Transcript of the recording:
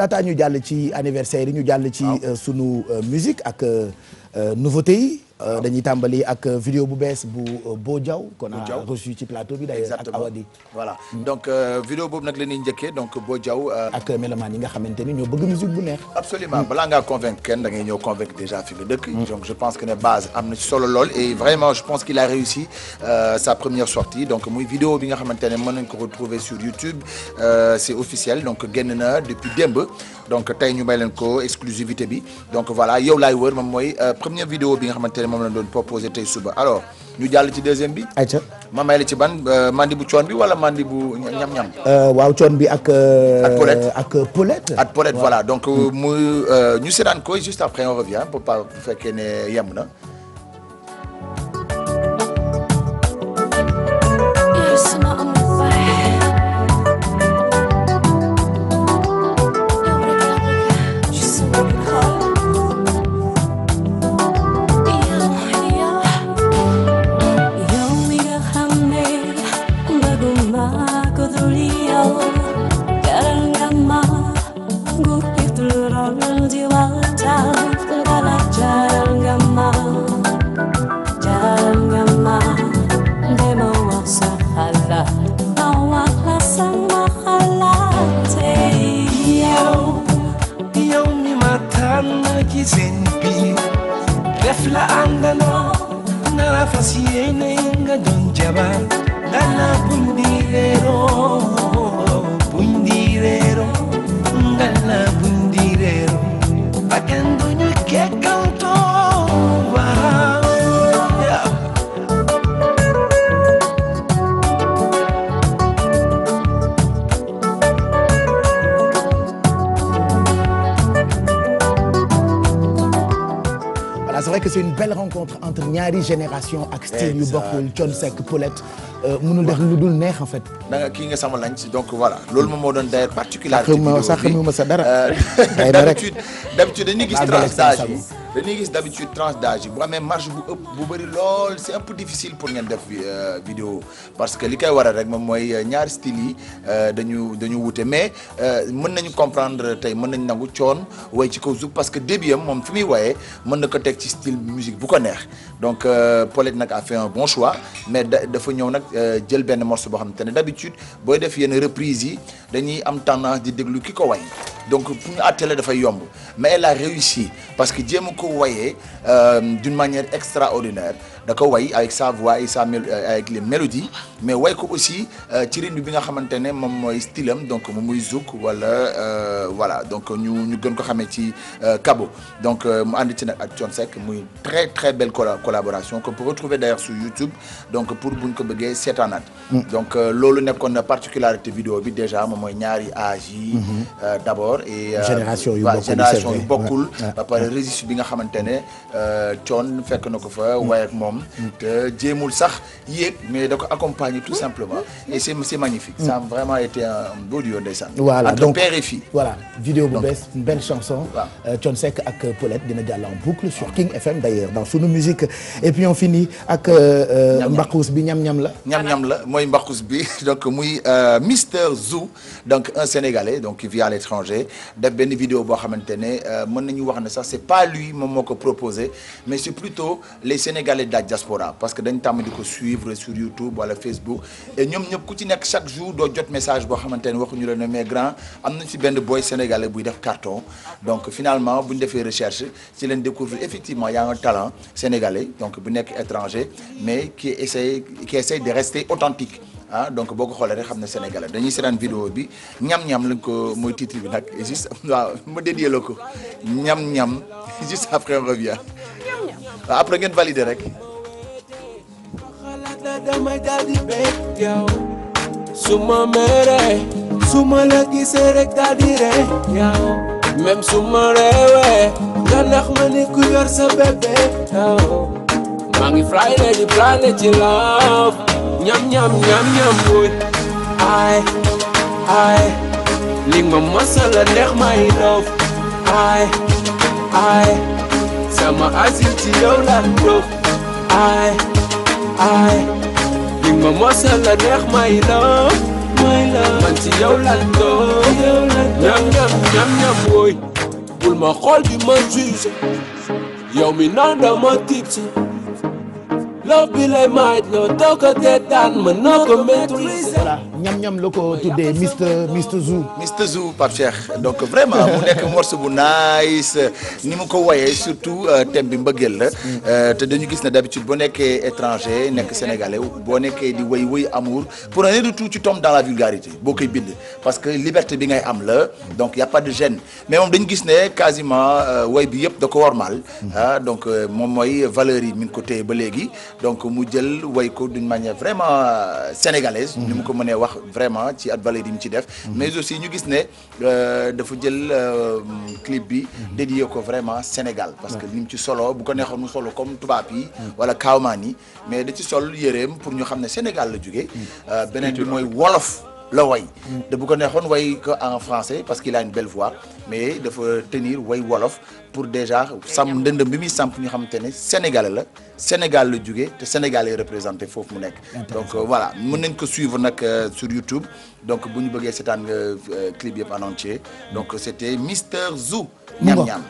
laataa ñu jàll ci anniversaire yi ñu jàll ci euh, sunu euh, musique ak euh, Euh, nouveauté yi. Euh, dañuy tàmbali ak euh, vidéo bu bees bu Bo Diaw. a reçu ci plateau bi d'ailleurs ak Awadi. voilà mm. vidéo boobu nag la ñuy njëkkee donc Bo Diaw. ak mélomanes yi nga xamante ni ñoo bëgg musique bu neex. absolument mm. balaa ngaa convaincre kenn da ngay ñëw convaincre déjà fi nga dëkk. Mm. donc je pense que ne base am na ci solo lool et vraiment je pense qu'il a réussi sa première sortie donc muy vidéo bi nga xamante ne mën nañ ko retrouver sur YouTube c'est officiel donc génn na depuis démb donc tey ñu may leen ko exclusivité bi donc voilà yow laay wër moom mooy. première vidéo bi nga xamante ne moom la doon proposé tey suba alors ñu jàll ci deuxième bi. ayca ma may la ci ban euh, mandi bu coon bi wala mandi bu ñam-ñam. Euh, waaw coon bi ak. Euh, ak ak Paulette. ak Paulette voilà donc mu ñu seetaan ko juste après on revient pour pas bu fekkee ne yem na. 돌려 다른 감마 굽게 뚫어는지 와자 뜨거라 다른 감마 다른 감마 내 모아서 할라 나와 하상 마할라 테이요 يومي ما تعنك زنبي دفلة عندنا نرى فسيين إنجا دنجبا ngala pundirero pundirero ngala pundirero akan vrai que c'est une belle rencontre entre ñaari génération ak style yu bokkul Thione Seck Paulette euh, mënul def lu dul neex en fait da nga kii nga sama lañ ci donc voilà loolu moom moo doon d'ailleurs particularité sax xamuma sa dara euh, d'habitude d'habitude dañuy gis transtage yi dañuy gis d'habitude tranche d'âge yi bu amee marge bu ëpp bu bëri lool c'est un peu difficile pour ngeen def euh, vidéo parce que li koy waral rek moom mooy euh, ñaari style yi euh, dañu dañu wute mais mën nañu comprendre tey mën nañu nangu coon way ci ko Zouk parce que début am moom fi muy wayee mën na ko teg ci style musique bu ko neex donc Paulette nag a fait bon choix mais dafa ñëw nag jël benn morceau boo xamante ne d'habitude booy def yenn reprise yi dañuy am tendance di déglu ki ko way donc pour ñu àttee la dafay yomb mais la réussi parce que jéem a ko woyee euh, d'une manière extraordinaire da ko woy avec sa voix et sa euh, avec les mélodies mais woy ko aussi ci rythme bi nga xamante ne moom mooy style donc moom muy zouk wala euh, voilà donc ñu ñu gën ko xamee ci Kabo donc mu ànd ci nag ak Thione Seck muy très très belle collaboration qu'on peut retrouver d'ailleurs sur YouTube donc pour buñ ko bëggee seetaanaat mm. donc loolu nekkoon na particularité vidéo bi déjà moom mooy ñaari âge yi mm-hmm. d'abord encore. et euh, génération yu bokkul génération yu bokkul. ba bi nga xamante ne coon euh, fekk na ko fa. waaye ak moom. Mm. te jéemul sax yéeg mais da ko tout simplement. et c' est c' est magnifique. ça a mm. vraiment été un beau duo ndeysaan. voilà donc vidéo bu une belle chanson. waaw euh, Thione Seck ak Paulette dina jàll en boucle sur King FM d' ailleurs dans sunu musique et puis on finit ak. mbaxus bi ñam ñam la. ñam ñam la mooy mbaxus bi donc muy Mister Zou donc un Sénégalais donc qui vit à l'étranger proposé benn vidéo boo xamante ne euh, mën nañu wax ne sax c'est pas lui moom moo ko proposé mais c'est plutôt les Sénégalais de la diaspora parce que dañ tàmm di ko suivre sur YouTube wala Facebook et ñoom ñëpp ku ci nekk chaque jour doo jot message boo xamante ne waxuñu la ne mais grand am nañ ci benn boy sénégalais buy def carton donc finalement bu defee recherche ci leen découvre effectivement y a un talent sénégalais donc bu nekk étranger mais qui essaye qui essaye de rester ah donc boo ko xoolee rek xam ne sénégalais dañuy seetaan vidéo bi ñam-ñam lañ ko mooy titre bi nag juste waaw ma dédié la ko ñam-ñam juste après on revient waaw après ngeen valider rek damay daal di la gisee rek daal di ree yow même su ma reewee ma ni ku sa bébé yow ñam ñam ñam woy ay ay li ma masala neex may doof ay ay sama asil ci yow la doof ay ay li ma masala neex may doof may la man ci yow la doof ñam ñam ñam woy bul ma xool bi ma juge yow mi naan dama tiit love bi lay maaj loo doo ko déetaan mën noo ko maîtriser. voilà ñam-ñam la ko tuddee Mr Mr Zou. Mr Zou Pape donc vraiment mu nekk morceau bu nice ni mu ko woyee surtout euh, thème bi mbëggeel la. Euh, te dañu gis ne d'habitude boo nekkee étranger nekk sénégalais boo nekkee di woy woy amour pour rien du tout tu tombes dans la vulgarité boo koy bind parce que liberté bi ngay am la donc y a pas de gêne mais moom dañu gis ne quasiment euh, woy bi yëpp da ko war mal ah, donc moom mooy valeur yi mi ngi ba léegi. donc mu jël way ko d'une manière vraiment euh, sénégalaise. Mhm. ni mu ko mënee wax vraiment ci at bale di mu ci def. Mhm. mais aussi ñu gis ne euh, dafa jël euh, clip bi. Mhm. dédié ko vraiment Sénégal. parce que ni mu ci solo bu ko neexoon mu solo comme tubaab yi. wala kaawmaan yi mais da ci sol yëreem pour ñu xam ne Sénégal la jógee. Mm. beneen bi mooy wolof. la way da bu ko neexoon way ko en français parce qu'il a une belle voix mais dafa tenir way wolof pour déjà sàmm ndëndëm bi muy sàmp ñu xamante ne Sénégalais la Sénégal la jóge te Sénégal lay représenté foofu mu nekk donc euh, voilà mën nañ ko suivre nag euh, sur YouTube donc bu ñu bëggee seetaan euh, clip yëpp en entier donc c'était Mister Zou ñam ñam